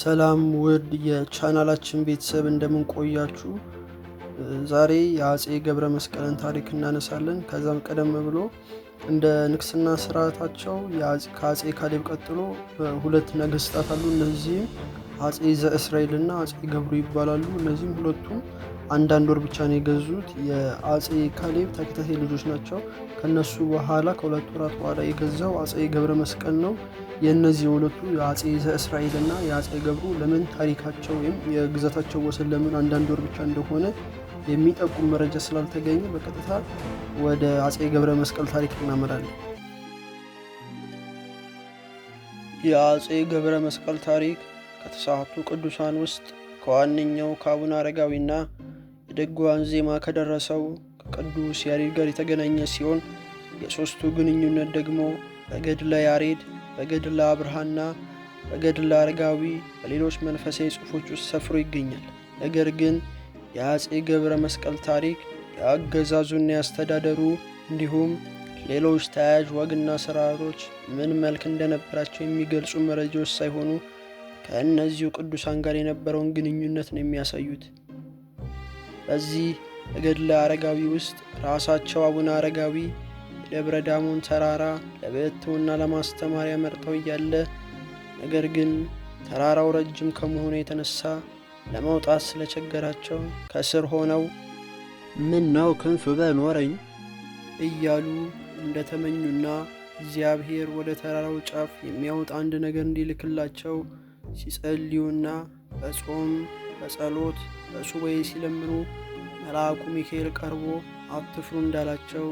ሰላም ውድ የቻናላችን ቤተሰብ እንደምንቆያችሁ ዛሬ የአጼ ገብረ መስቀልን ታሪክ እናነሳለን። ከዛም ቀደም ብሎ እንደ ንግስና ስርዓታቸው ከአጼ ካሌብ ቀጥሎ ሁለት ነገስታት አሉ። እነዚህም አጼ እና አጼ ገብሩ ይባላሉ። እነዚህም ሁለቱም አንዳንድ ወር ብቻ ነው የገዙት። የአጼ ካሌብ ተከታታይ ልጆች ናቸው። ከነሱ በኋላ ከሁለት ወራት በኋላ የገዛው አጼ ገብረ መስቀል ነው። የእነዚህ የሁለቱ የአጼ ዘእስራኤል ና የአጼ ገብሩ ለምን ታሪካቸው ወይም የግዛታቸው ወሰን ለምን አንዳንድ ወር ብቻ እንደሆነ የሚጠቁም መረጃ ስላልተገኘ በቀጥታ ወደ አጼ ገብረ መስቀል ታሪክ እናመራለን። የአጼ ገብረ መስቀል ታሪክ ከተሰዓቱ ቅዱሳን ውስጥ ከዋነኛው ከአቡነ አረጋዊና የደጓን ዜማ ከደረሰው ከቅዱስ ያሬድ ጋር የተገናኘ ሲሆን የሦስቱ ግንኙነት ደግሞ በገድለ ያሬድ፣ በገድለ አብርሃና በገድለ አረጋዊ በሌሎች መንፈሳዊ ጽሑፎች ውስጥ ሰፍሮ ይገኛል። ነገር ግን የአፄ ገብረ መስቀል ታሪክ የአገዛዙና ያስተዳደሩ እንዲሁም ሌሎች ተያያዥ ወግና ስርዓቶች ምን መልክ እንደነበራቸው የሚገልጹ መረጃዎች ሳይሆኑ ከእነዚሁ ቅዱሳን ጋር የነበረውን ግንኙነት ነው የሚያሳዩት። በዚህ እገድለ አረጋዊ ውስጥ ራሳቸው አቡነ አረጋዊ የደብረ ዳሞን ተራራ ለብሕትውና ለማስተማሪያ መርጠው እያለ ነገር ግን ተራራው ረጅም ከመሆኑ የተነሳ ለመውጣት ስለቸገራቸው ከስር ሆነው ምን ነው ክንፍ በኖረኝ እያሉ እንደተመኙና እግዚአብሔር ወደ ተራራው ጫፍ የሚያወጣ አንድ ነገር እንዲልክላቸው ሲጸልዩና በጾም በጸሎት በሱባኤ ሲለምኑ መልአኩ ሚካኤል ቀርቦ አትፍሩ እንዳላቸው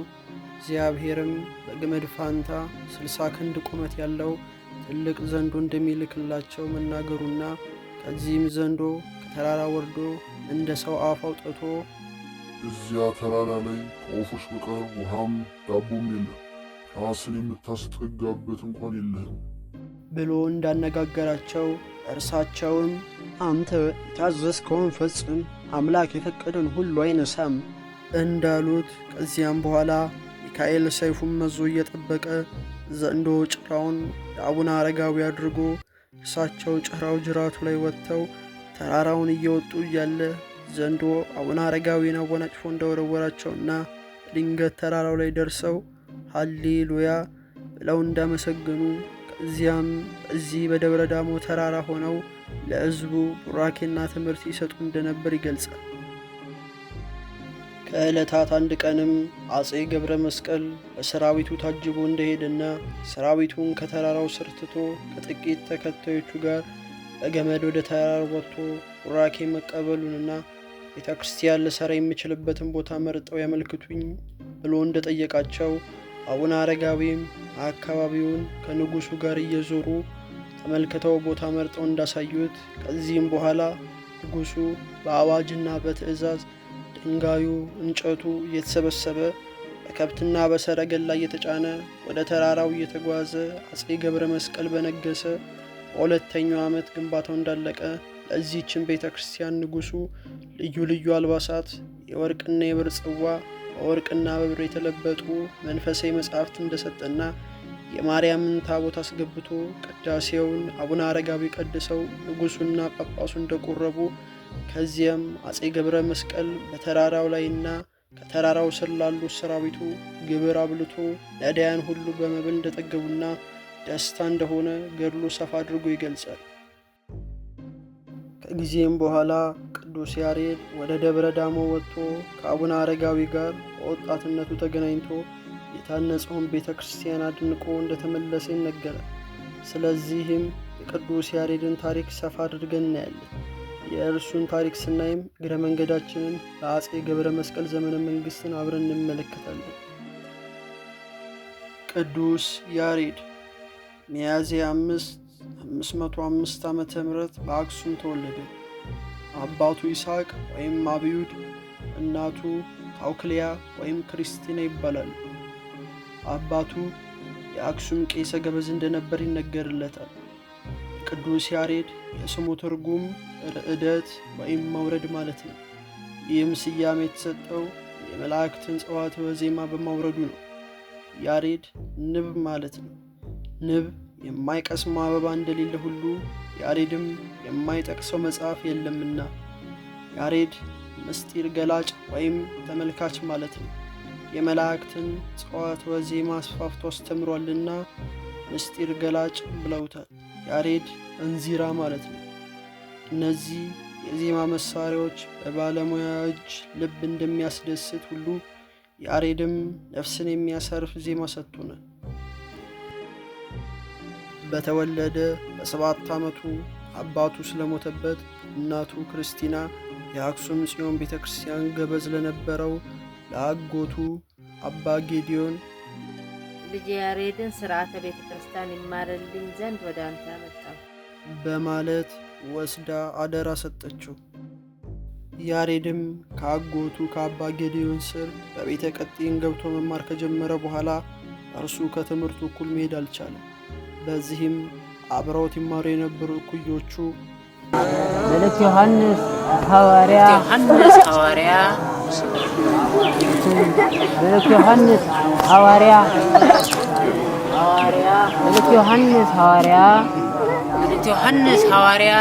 እግዚአብሔርም በገመድ ፋንታ ስልሳ ክንድ ቁመት ያለው ትልቅ ዘንዶ እንደሚልክላቸው መናገሩና ከዚህም ዘንዶ ከተራራ ወርዶ እንደ ሰው አፍ አውጥቶ እዚያ ተራራ ላይ ከወፎች በቀር ውሃም ዳቦም የለም ራስን የምታስጠጋበት እንኳን የለህም ብሎ እንዳነጋገራቸው እርሳቸውም አንተ የታዘዝከውን ፈጽም፣ አምላክ የፈቀደን ሁሉ አይነሳም እንዳሉት ከዚያም በኋላ ሚካኤል ሰይፉን መዞ እየጠበቀ ዘንዶ ጭራውን የአቡነ አረጋዊ አድርጎ እርሳቸው ጭራው ጅራቱ ላይ ወጥተው ተራራውን እየወጡ እያለ ዘንዶ አቡነ አረጋዊን አወናጭፎ እንደወረወራቸውና ድንገት ተራራው ላይ ደርሰው ሃሌሉያ ብለው እንዳመሰገኑ እዚያም እዚህ በደብረ ዳሞ ተራራ ሆነው ለሕዝቡ ቡራኬና ትምህርት ይሰጡ እንደነበር ይገልጻል። ከዕለታት አንድ ቀንም አጼ ገብረ መስቀል በሰራዊቱ ታጅቦ እንደሄደና ሰራዊቱን ከተራራው ስር ትቶ ከጥቂት ተከታዮቹ ጋር በገመድ ወደ ተራራው ወጥቶ ቡራኬ መቀበሉንና ቤተ ክርስቲያን ልሰራ የምችልበትን ቦታ መርጠው ያመልክቱኝ ብሎ እንደጠየቃቸው አቡነ አረጋዊም አካባቢውን ከንጉሱ ጋር እየዞሩ ተመልክተው ቦታ መርጠው እንዳሳዩት ከዚህም በኋላ ንጉሱ በአዋጅና በትዕዛዝ ድንጋዩ፣ እንጨቱ እየተሰበሰበ በከብትና በሰረገላ እየተጫነ ወደ ተራራው እየተጓዘ አጼ ገብረ መስቀል በነገሰ በሁለተኛው ዓመት ግንባታው እንዳለቀ ለዚህችን ቤተ ክርስቲያን ንጉሱ ልዩ ልዩ አልባሳት የወርቅና የብር ጽዋ በወርቅና በብር የተለበጡ መንፈሳዊ መጽሐፍት እንደሰጠና የማርያምን ታቦት አስገብቶ ቅዳሴውን አቡነ አረጋዊ ቀድሰው ንጉሱና ጳጳሱ እንደቆረቡ ከዚያም አጼ ገብረ መስቀል በተራራው ላይና ከተራራው ስር ላሉ ሰራዊቱ ግብር አብልቶ ለዳያን ሁሉ በመብል እንደጠገቡና ደስታ እንደሆነ ገድሎ ሰፋ አድርጎ ይገልጻል። ከጊዜም በኋላ ቅዱስ ያሬድ ወደ ደብረ ዳሞ ወጥቶ ከአቡነ አረጋዊ ጋር በወጣትነቱ ተገናኝቶ የታነጸውን ቤተ ክርስቲያን አድንቆ እንደተመለሰ ይነገራል። ስለዚህም የቅዱስ ያሬድን ታሪክ ሰፋ አድርገን እናያለን። የእርሱን ታሪክ ስናይም እግረ መንገዳችንን ለአጼ ገብረ መስቀል ዘመነ መንግስትን አብረን እንመለከታለን። ቅዱስ ያሬድ ሚያዝያ አምስት 505 ዓ ም በአክሱም ተወለደ። አባቱ ይስሐቅ ወይም አብዩድ፣ እናቱ አውክሊያ ወይም ክርስቲና ይባላሉ። አባቱ የአክሱም ቄሰ ገበዝ እንደነበር ይነገርለታል። ቅዱስ ያሬድ የስሙ ትርጉም ርዕደት ወይም መውረድ ማለት ነው። ይህም ስያሜ የተሰጠው የመላእክትን ጽዋት በዜማ በማውረዱ ነው። ያሬድ ንብ ማለት ነው። ንብ የማይቀስማ አበባ እንደሌለ ሁሉ ያሬድም የማይጠቅሰው መጽሐፍ የለምና ያሬድ ምስጢር ገላጭ ወይም ተመልካች ማለት ነው። የመላእክትን ጸዋት ወዜማ አስፋፍቶ አስተምሯልና ምስጢር ገላጭ ብለውታል። ያሬድ እንዚራ ማለት ነው። እነዚህ የዜማ መሳሪያዎች በባለሙያ እጅ ልብ እንደሚያስደስት ሁሉ ያሬድም ነፍስን የሚያሰርፍ ዜማ ሰጥቶናል። በተወለደ በሰባት ዓመቱ አባቱ ስለሞተበት እናቱ ክርስቲና የአክሱም ጽዮን ቤተ ክርስቲያን ገበዝ ለነበረው ለአጎቱ አባ ጌዲዮን ልጄ ያሬድን ቤተ ክርስቲያን ይማርልኝ ዘንድ ወደ አንተ ያመጣው በማለት ወስዳ አደራ ሰጠችው። ያሬድም ከአጎቱ ከአባ ጌዲዮን ስር በቤተ ቀጤን ገብቶ መማር ከጀመረ በኋላ እርሱ ከትምህርቱ እኩል መሄድ አልቻለም። በዚህም አብረውት ይማሩ የነበሩ እኩዮቹ በለት ዮሐንስ ሐዋርያ ዮሐንስ ሐዋርያ በለት ዮሐንስ ሐዋርያ ሐዋርያ በለት ዮሐንስ ሐዋርያ በለት ዮሐንስ ሐዋርያ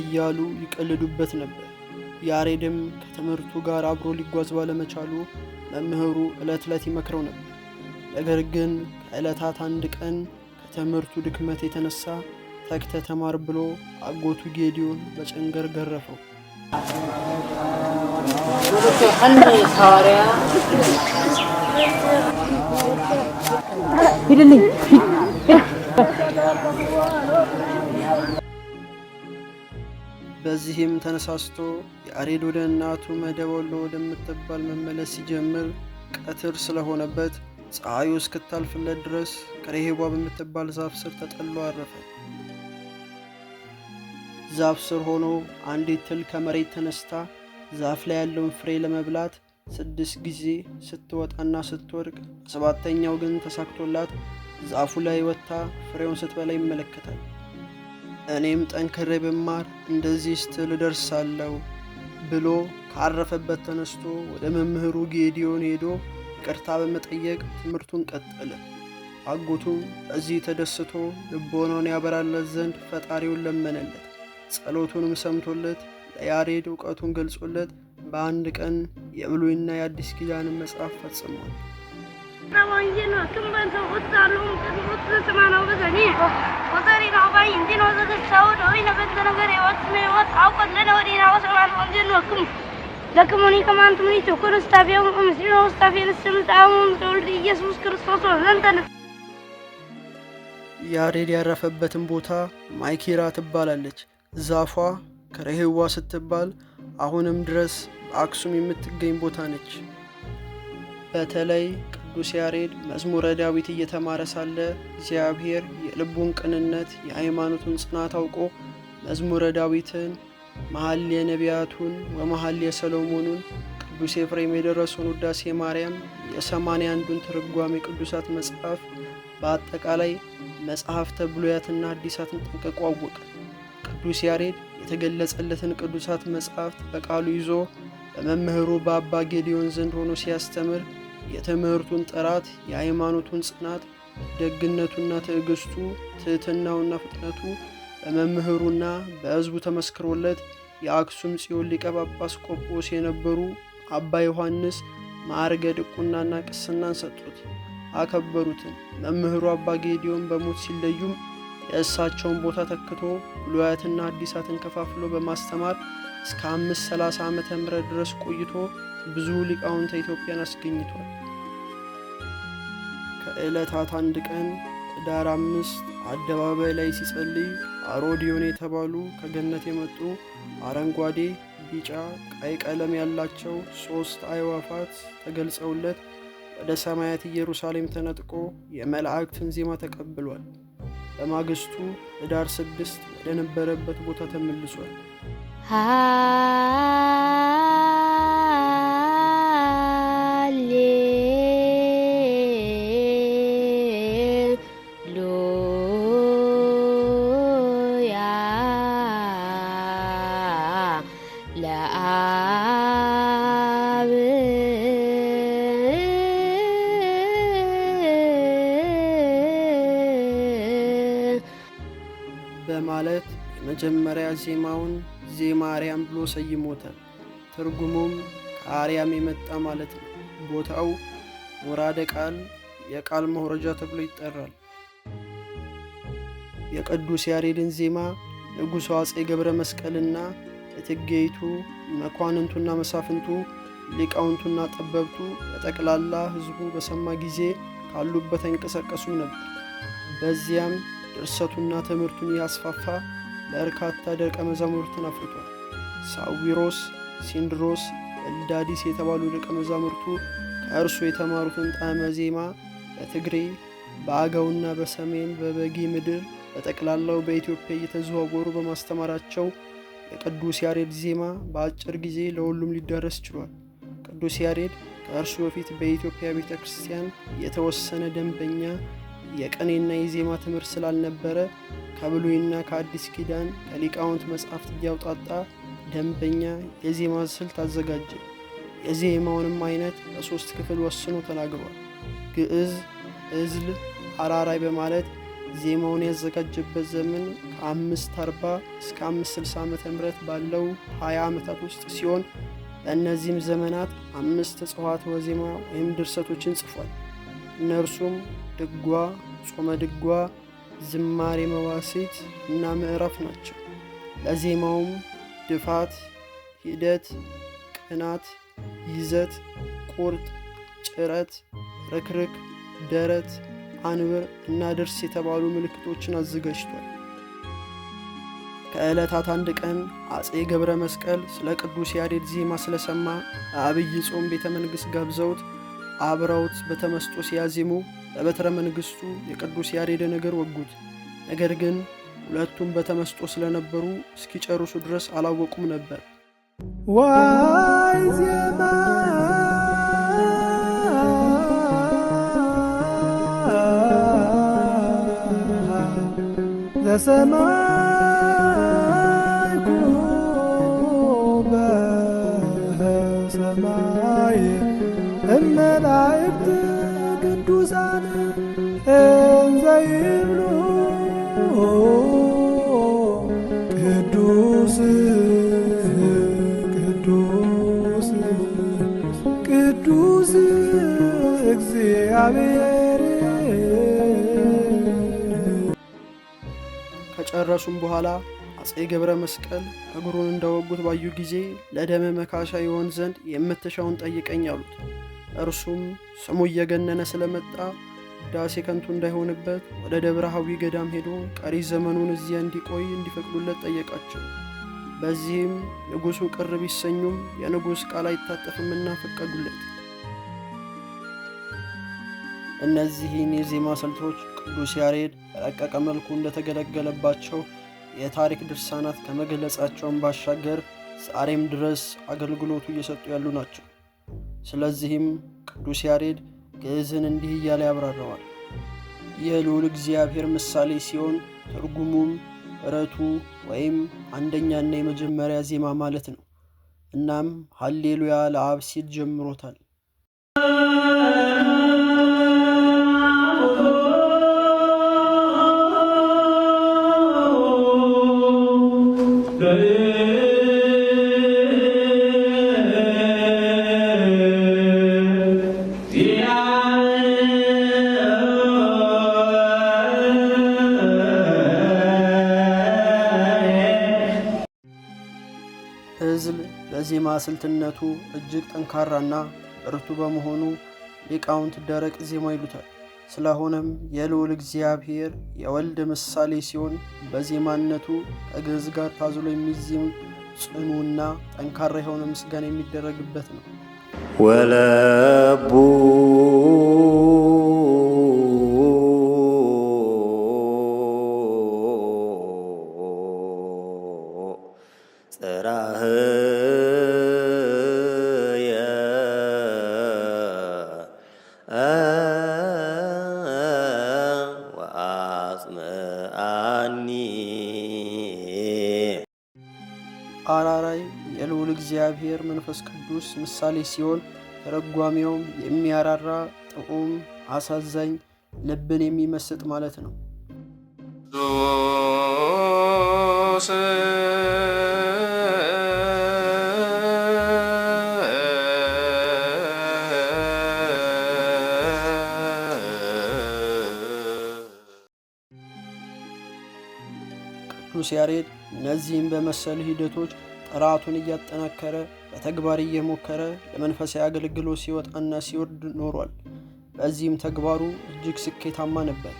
እያሉ ይቀልዱበት ነበር። ያሬድም ከትምህርቱ ጋር አብሮ ሊጓዝ ባለመቻሉ መምህሩ ዕለት ዕለት ይመክረው ነበር። ነገር ግን ከዕለታት አንድ ቀን ከትምህርቱ ድክመት የተነሳ ተክተ ተማር ብሎ አጎቱ ጌዲዮን በጨንገር ገረፈው። በዚህም ተነሳስቶ ያሬድ ወደ እናቱ መደወሎ ወደምትባል መመለስ ሲጀምር ቀትር ስለሆነበት ፀሐዩ እስክታልፍለት ድረስ ቅሬሄቧ በምትባል ዛፍ ስር ተጠሎ አረፈ። ዛፍ ስር ሆኖ አንዲት ትል ከመሬት ተነስታ ዛፍ ላይ ያለውን ፍሬ ለመብላት ስድስት ጊዜ ስትወጣና ስትወድቅ፣ ሰባተኛው ግን ተሳክቶላት ዛፉ ላይ ወጥታ ፍሬውን ስትበላ ይመለከታል። እኔም ጠንክሬ ብማር እንደዚህ ስትል እደርሳለሁ ብሎ ካረፈበት ተነስቶ ወደ መምህሩ ጌዲዮን ሄዶ ይቅርታ በመጠየቅ ትምህርቱን ቀጠለ። አጎቱም በዚህ ተደስቶ ልቦናውን ያበራለት ዘንድ ፈጣሪውን ለመነለት። ጸሎቱንም ሰምቶለት ለያሬድ እውቀቱን ገልጾለት በአንድ ቀን የብሉይና የአዲስ ኪዳንን መጽሐፍ ፈጽሟል። ዘ ከመኒ ከማን ትምኒ ቾኮር ስታቢያው ምስሪ ነው ስታቢያን ስምጣውን ተወልድ ኢየሱስ ክርስቶስ ወዘንተን ያሬድ ያረፈበትን ቦታ ማይኬራ ትባላለች። ዛፏ ከረህዋ ስትባል አሁንም ድረስ በአክሱም የምትገኝ ቦታ ነች። በተለይ ቅዱስ ያሬድ መዝሙረ ዳዊት እየተማረ ሳለ እግዚአብሔር የልቡን ቅንነት፣ የሃይማኖቱን ጽናት አውቆ መዝሙረ ዳዊትን መሀል የነቢያቱን ወመሀል የሰሎሞኑን ቅዱስ ኤፍሬም የደረሰውን ውዳሴ ማርያም የሰማንያ አንዱን ትርጓሜ ቅዱሳት መጽሐፍ በአጠቃላይ መጽሐፍተ ብሉያትና አዲሳትን ጠንቅቆ አወቀ። ቅዱስ ያሬድ የተገለጸለትን ቅዱሳት መጽሐፍት በቃሉ ይዞ በመምህሩ በአባ ጌዲዮን ዘንድ ሆኖ ሲያስተምር የትምህርቱን ጥራት፣ የሃይማኖቱን ጽናት፣ ደግነቱና ትዕግስቱ፣ ትህትናውና ፍጥነቱ በመምህሩና በሕዝቡ ተመስክሮለት የአክሱም ጽዮን ሊቀ ጳጳስ ቆጶስ የነበሩ አባ ዮሐንስ ማዕርገ ድቁናና ቅስናን ሰጡት፣ አከበሩትም። መምህሩ አባ ጌዲዮን በሞት ሲለዩም የእሳቸውን ቦታ ተክቶ ብሉያትና አዲሳትን ከፋፍሎ በማስተማር እስከ 530 ዓመተ ምህረት ድረስ ቆይቶ ብዙ ሊቃውንተ ኢትዮጵያን አስገኝቷል። ከዕለታት አንድ ቀን ኅዳር አምስት አደባባይ ላይ ሲጸልይ አሮዲዮን የተባሉ ከገነት የመጡ አረንጓዴ፣ ቢጫ፣ ቀይ ቀለም ያላቸው ሦስት አዕዋፋት ተገልጸውለት ወደ ሰማያት ኢየሩሳሌም ተነጥቆ የመላእክትን ዜማ ተቀብሏል። በማግስቱ ኅዳር ስድስት ወደ ነበረበት ቦታ ተመልሷል። መጀመሪያ ዜማውን ዜማርያም ብሎ ሰይሞታል። ትርጉሙም ከአርያም የመጣ ማለት ነው። ቦታው ወራደ ቃል የቃል መውረጃ ተብሎ ይጠራል። የቅዱስ ያሬድን ዜማ ንጉሡ አጼ ገብረ መስቀልና እቴጌይቱ መኳንንቱና መሳፍንቱ ሊቃውንቱና ጠበብቱ በጠቅላላ ሕዝቡ በሰማ ጊዜ ካሉበት አይንቀሳቀሱም ነበር። በዚያም ድርሰቱና ትምህርቱን ያስፋፋ በርካታ ደቀ መዛሙርትን አፍርቷል። ሳዊሮስ፣ ሲንድሮስ፣ ኤልዳዲስ የተባሉ ደቀ መዛሙርቱ ከእርሱ የተማሩትን ጣዕመ ዜማ በትግሬ በአገውና በሰሜን በበጊ ምድር በጠቅላላው በኢትዮጵያ እየተዘዋወሩ በማስተማራቸው የቅዱስ ያሬድ ዜማ በአጭር ጊዜ ለሁሉም ሊዳረስ ችሏል። ቅዱስ ያሬድ ከእርሱ በፊት በኢትዮጵያ ቤተ ክርስቲያን የተወሰነ ደንበኛ የቀኔና የዜማ ትምህርት ስላልነበረ ከብሉይና ከአዲስ ኪዳን ከሊቃውንት መጽሐፍት እያውጣጣ ደንበኛ የዜማ ስልት አዘጋጀ። የዜማውንም አይነት በሦስት ክፍል ወስኖ ተናግሯል። ግዕዝ፣ እዝል፣ አራራይ በማለት ዜማውን ያዘጋጀበት ዘመን ከአምስት አርባ እስከ አምስት ስልሳ ዓመተ ምህረት ባለው ሀያ ዓመታት ውስጥ ሲሆን በእነዚህም ዘመናት አምስት እጽዋት ወዜማ ወይም ድርሰቶችን ጽፏል። እነርሱም ድጓ፣ ጾመ ድጓ፣ ዝማሬ መዋሴት እና ምዕራፍ ናቸው። ለዜማውም ድፋት፣ ሂደት፣ ቅናት፣ ይዘት፣ ቁርጥ፣ ጭረት፣ ርክርክ፣ ደረት፣ አንብር እና ድርስ የተባሉ ምልክቶችን አዘጋጅቷል። ከዕለታት አንድ ቀን አጼ ገብረ መስቀል ስለ ቅዱስ ያሬድ ዜማ ስለሰማ አብይ ጾም ቤተ መንግሥት ጋብዘውት አብረውት በተመስጦ ሲያዜሙ በበትረ መንግሥቱ የቅዱስ ያሬድን ነገር ወጉት። ነገር ግን ሁለቱም በተመስጦ ስለነበሩ እስኪጨርሱ ድረስ አላወቁም ነበር። ዋይ ዜማ ዘሰማ መላእክት ቅዱሳን እንዘ ይብሉ ቅዱስ ቅዱስ ቅዱስ እግዚአብሔር። ከጨረሱም በኋላ አፄ ገብረ መስቀል እግሩን እንዳወጉት ባዩ ጊዜ ለደመ መካሻ ይሆን ዘንድ የምትሻውን ጠይቀኝ አሉት። እርሱም ስሙ እየገነነ ስለመጣ ዳሴ ከንቱ እንዳይሆንበት ወደ ደብረ ሐዊ ገዳም ሄዶ ቀሪ ዘመኑን እዚያ እንዲቆይ እንዲፈቅዱለት ጠየቃቸው። በዚህም ንጉሡ ቅር ቢሰኙም የንጉሥ ቃል አይታጠፍምና ፈቀዱለት። እነዚህን የዜማ ስልቶች ቅዱስ ያሬድ በረቀቀ መልኩ እንደተገለገለባቸው የታሪክ ድርሳናት ከመግለጻቸውን ባሻገር ዛሬም ድረስ አገልግሎቱ እየሰጡ ያሉ ናቸው። ስለዚህም ቅዱስ ያሬድ ግዕዝን እንዲህ እያለ ያብራረዋል። የልዑል እግዚአብሔር ምሳሌ ሲሆን ትርጉሙም እረቱ ወይም አንደኛና የመጀመሪያ ዜማ ማለት ነው። እናም ሀሌሉያ ለአብ ሲል ጀምሮታል። ስልትነቱ እጅግ ጠንካራና እርቱ በመሆኑ ሊቃውንት ደረቅ ዜማ ይሉታል። ስለሆነም የልዑል እግዚአብሔር የወልድ ምሳሌ ሲሆን በዜማነቱ ከግዕዝ ጋር ታዝሎ የሚዜም ጽኑና ጠንካራ የሆነ ምስጋና የሚደረግበት ነው። ወለቡ እግዚአብሔር መንፈስ ቅዱስ ምሳሌ ሲሆን ተረጓሚውም የሚያራራ ጥዑም፣ አሳዛኝ፣ ልብን የሚመስጥ ማለት ነው። ቅዱስ ያሬድ እነዚህም በመሰል ሂደቶች ጥራቱን እያጠናከረ በተግባር እየሞከረ ለመንፈሳዊ አገልግሎት ሲወጣና ሲወርድ ኖሯል። በዚህም ተግባሩ እጅግ ስኬታማ ነበር።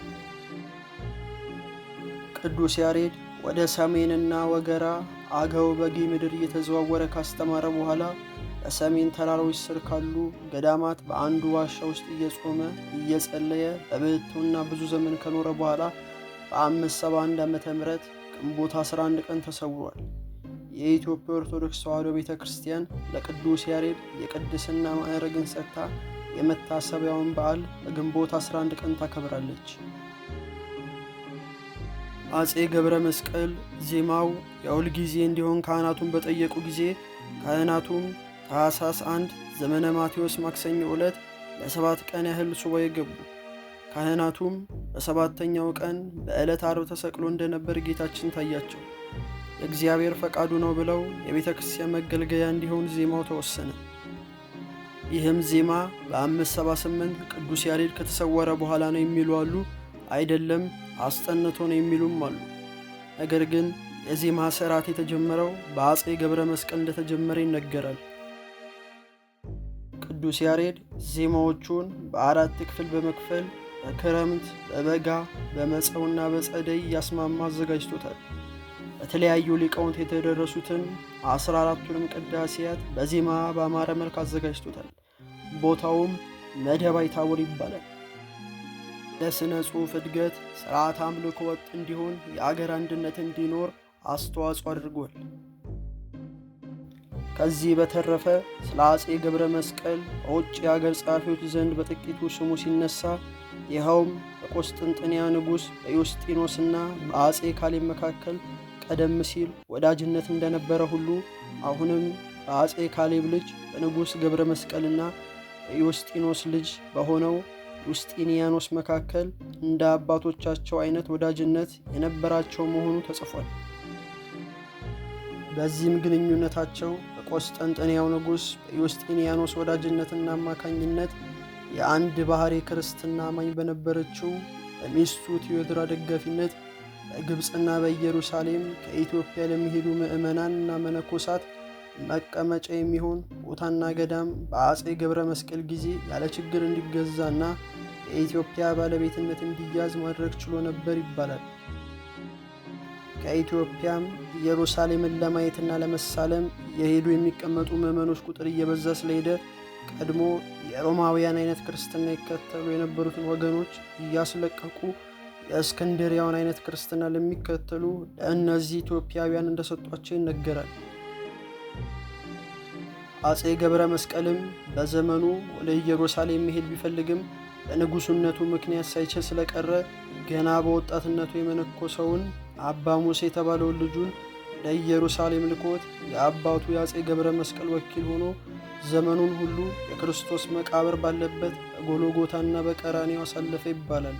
ቅዱስ ያሬድ ወደ ሰሜንና ወገራ አገው በጌ ምድር እየተዘዋወረ ካስተማረ በኋላ በሰሜን ተራሮች ስር ካሉ ገዳማት በአንዱ ዋሻ ውስጥ እየጾመ እየጸለየ በብሕትውና ብዙ ዘመን ከኖረ በኋላ በ571 ዓ ም ግንቦት 11 ቀን ተሰውሯል። የኢትዮጵያ ኦርቶዶክስ ተዋሕዶ ቤተ ክርስቲያን ለቅዱስ ያሬድ የቅድስና ማዕረግን ሰጥታ የመታሰቢያውን በዓል በግንቦት 11 ቀን ታከብራለች። አጼ ገብረ መስቀል ዜማው የአውል ጊዜ እንዲሆን ካህናቱን በጠየቁ ጊዜ ካህናቱም ታኅሳስ 1 ዘመነ ማቴዎስ ማክሰኞ ዕለት ለሰባት ቀን ያህል ሱባኤ ገቡ። ካህናቱም በሰባተኛው ቀን በዕለት አርብ ተሰቅሎ እንደነበር ጌታችን ታያቸው። የእግዚአብሔር ፈቃዱ ነው ብለው የቤተ ክርስቲያን መገልገያ እንዲሆን ዜማው ተወሰነ። ይህም ዜማ በ578 ቅዱስ ያሬድ ከተሰወረ በኋላ ነው የሚሉ አሉ። አይደለም አስጠንቶ ነው የሚሉም አሉ። ነገር ግን የዜማ ስርዓት የተጀመረው በአጼ ገብረ መስቀል እንደተጀመረ ይነገራል። ቅዱስ ያሬድ ዜማዎቹን በአራት ክፍል በመክፈል በክረምት በበጋ በመጸውና በጸደይ እያስማማ አዘጋጅቶታል። በተለያዩ ሊቃውንት የተደረሱትን አስራ አራቱንም ቅዳሴያት በዜማ በአማረ መልክ አዘጋጅቶታል። ቦታውም መደባይ ታቦር ይባላል። ለሥነ ጽሑፍ እድገት ሥርዓት አምልኮ ወጥ እንዲሆን፣ የአገር አንድነት እንዲኖር አስተዋጽኦ አድርጓል። ከዚህ በተረፈ ስለ አጼ ገብረ መስቀል በውጭ የአገር ጸሐፊዎች ዘንድ በጥቂቱ ስሙ ሲነሳ ይኸውም በቆስጥንጥንያ ንጉሥ በዮስጢኖስና በአጼ ካሌብ መካከል ቀደም ሲል ወዳጅነት እንደነበረ ሁሉ አሁንም በአጼ ካሌብ ልጅ በንጉሥ ገብረ መስቀልና በዮስጢኖስ ልጅ በሆነው ዩስጢኒያኖስ መካከል እንደ አባቶቻቸው አይነት ወዳጅነት የነበራቸው መሆኑ ተጽፏል። በዚህም ግንኙነታቸው በቆስጠንጠንያው ንጉሥ በዩስጢኒያኖስ ወዳጅነትና አማካኝነት የአንድ ባህር ክርስትና አማኝ በነበረችው በሚስቱ ቴዎድራ ደጋፊነት በግብፅና በኢየሩሳሌም ከኢትዮጵያ ለሚሄዱ ምዕመናንና መነኮሳት መቀመጫ የሚሆን ቦታና ገዳም በአጼ ገብረ መስቀል ጊዜ ያለ ችግር እንዲገዛና የኢትዮጵያ ባለቤትነት እንዲያዝ ማድረግ ችሎ ነበር ይባላል። ከኢትዮጵያም ኢየሩሳሌምን ለማየትና ለመሳለም የሄዱ የሚቀመጡ ምዕመኖች ቁጥር እየበዛ ስለሄደ ቀድሞ የሮማውያን አይነት ክርስትና ይከተሉ የነበሩትን ወገኖች እያስለቀቁ የእስክንድሪያውን አይነት ክርስትና ለሚከተሉ ለእነዚህ ኢትዮጵያውያን እንደሰጧቸው ይነገራል። አጼ ገብረ መስቀልም በዘመኑ ወደ ኢየሩሳሌም መሄድ ቢፈልግም በንጉሱነቱ ምክንያት ሳይችል ስለቀረ ገና በወጣትነቱ የመነኮሰውን አባ ሙሴ የተባለውን ልጁን ለኢየሩሳሌም ልኮት የአባቱ የአፄ ገብረ መስቀል ወኪል ሆኖ ዘመኑን ሁሉ የክርስቶስ መቃብር ባለበት በጎሎጎታና በቀራኔው አሳለፈ ይባላል።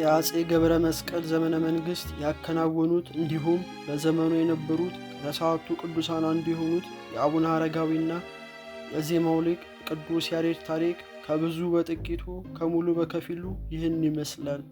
የአፄ ገብረ መስቀል ዘመነ መንግስት ያከናወኑት እንዲሁም በዘመኑ የነበሩት ከተሰዓቱ ቅዱሳን አንዱ የሆኑት የአቡነ አረጋዊና የዜማው ሊቅ ቅዱስ ያሬድ ታሪክ ከብዙ በጥቂቱ ከሙሉ በከፊሉ ይህን ይመስላል።